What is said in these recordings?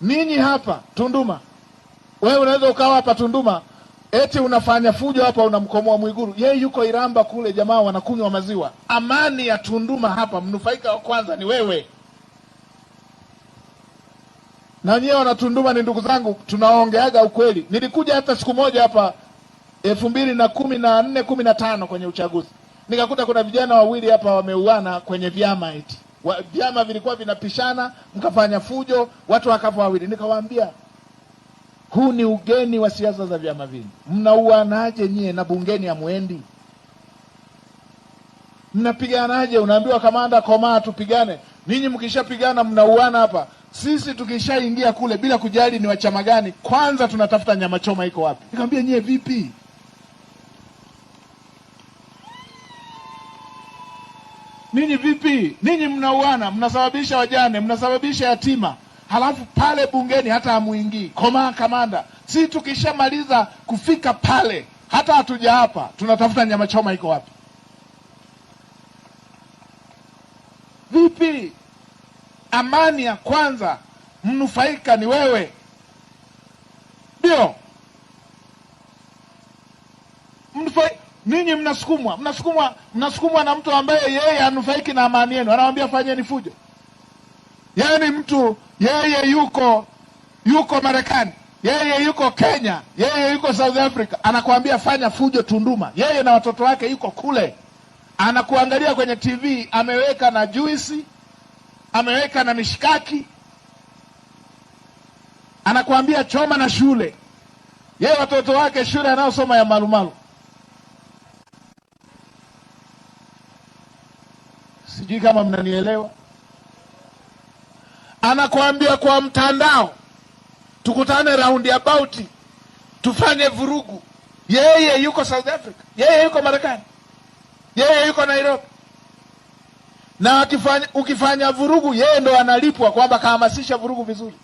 Ninyi hapa Tunduma, wewe unaweza ukawa hapa Tunduma eti unafanya fujo hapa, unamkomoa Mwiguru, yeye yuko Iramba kule, jamaa wanakunywa maziwa. Amani ya Tunduma hapa, mnufaika wa kwanza ni wewe na nyewe. Wanatunduma ni ndugu zangu, tunaongeaga ukweli. Nilikuja hata siku moja hapa elfu mbili na kumi na nne kumi na tano kwenye uchaguzi, nikakuta kuna vijana wawili hapa wameuana kwenye vyama eti vyama vilikuwa vinapishana, mkafanya fujo, watu wakafa wawili. Nikawaambia huu ni ugeni wa siasa za vyama vingi. Mnauanaje nyie na bungeni hamwendi? Mnapiganaje? Unaambiwa kamanda, komaa, tupigane. Ninyi mkishapigana mnauana hapa, sisi tukishaingia kule bila kujali ni wachama gani, kwanza tunatafuta nyama choma iko wapi. Nikamwambia nyie vipi? Ninyi vipi? Ninyi mnauana, mnasababisha wajane, mnasababisha yatima, halafu pale bungeni hata hamuingii. koma kamanda, si tukishamaliza kufika pale hata hatuja hapa, tunatafuta nyama choma iko wapi? Vipi? Amani ya kwanza mnufaika ni wewe, ndio mnufaika Ninyi mnasukumwa mnasukumwa mnasukumwa na mtu ambaye yeye hanufaiki na amani yenu, anawambia fanyeni fujo. Yaani mtu yeye yuko yuko Marekani, yeye yuko Kenya, yeye yuko South Africa, anakuambia fanya fujo Tunduma. Yeye na watoto wake yuko kule, anakuangalia kwenye TV, ameweka na juisi, ameweka na mishikaki, anakuambia choma na shule. Yeye watoto wake shule anayosoma ya malu. sijui kama mnanielewa. Anakuambia kwa mtandao tukutane round about, tufanye vurugu. Yeye yuko South Africa, yeye yuko Marekani, yeye yuko Nairobi. Na ukifanya, ukifanya vurugu yeye ndo analipwa kwamba kahamasisha vurugu vizuri.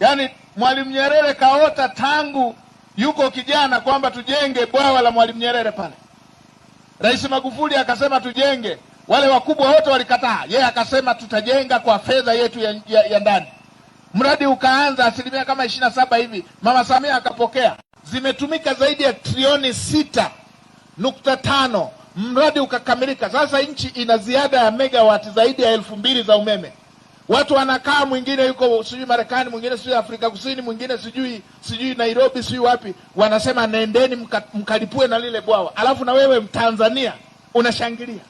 Yaani Mwalimu Nyerere kaota tangu yuko kijana kwamba tujenge bwawa la Mwalimu Nyerere pale. Rais Magufuli akasema tujenge, wale wakubwa wote walikataa, yeye akasema tutajenga kwa fedha yetu ya, ya, ya ndani. Mradi ukaanza asilimia kama ishirini na saba hivi, mama Samia akapokea, zimetumika zaidi ya trilioni sita nukta tano mradi ukakamilika. Sasa nchi ina ziada ya megawati zaidi ya elfu mbili za umeme. Watu wanakaa mwingine yuko sijui Marekani, mwingine sijui Afrika Kusini, mwingine sijui sijui Nairobi, sijui wapi, wanasema nendeni mka, mkalipue na lile bwawa, alafu na wewe Mtanzania unashangilia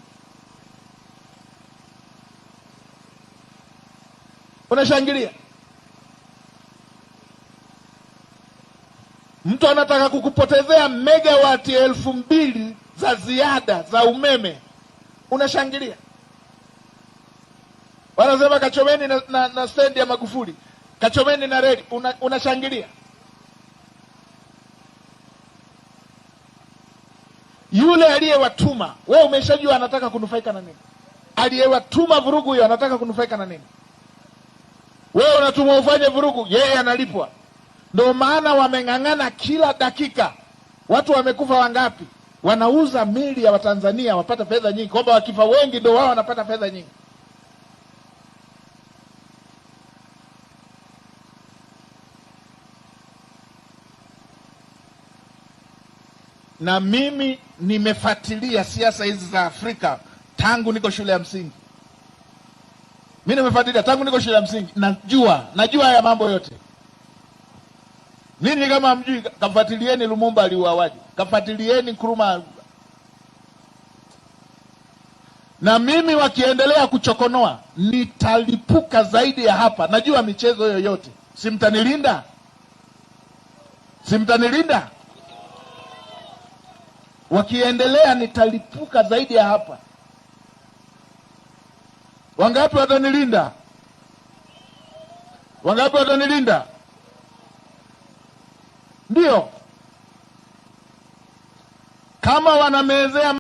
unashangilia. Mtu anataka kukupotezea megawati elfu mbili za ziada za umeme, unashangilia wanasema kachomeni na, na, na stendi ya Magufuli, kachomeni na reli, unashangilia. Una yule aliyewatuma, wewe, umeshajua anataka kunufaika na nini? Aliyewatuma vurugu hiyo anataka kunufaika na nini? Wewe unatumwa ufanye vurugu, yeye analipwa. Ndio maana wameng'ang'ana kila dakika. Watu wamekufa wangapi? Wanauza mili ya Watanzania wapata fedha nyingi, kwamba wakifa wengi ndio wao wanapata fedha nyingi. na mimi nimefuatilia siasa hizi za Afrika tangu niko shule ya msingi. Mimi nimefuatilia tangu niko shule ya msingi, najua najua haya mambo yote. Ninyi kama mjui, kafuatilieni Lumumba aliuawaje, kafuatilieni Nkrumah. Na mimi wakiendelea kuchokonoa nitalipuka zaidi ya hapa. Najua michezo yoyote, simtanilinda, simtanilinda wakiendelea nitalipuka zaidi ya hapa. Wangapi watanilinda? Wangapi watanilinda? Ndio, kama wanamezea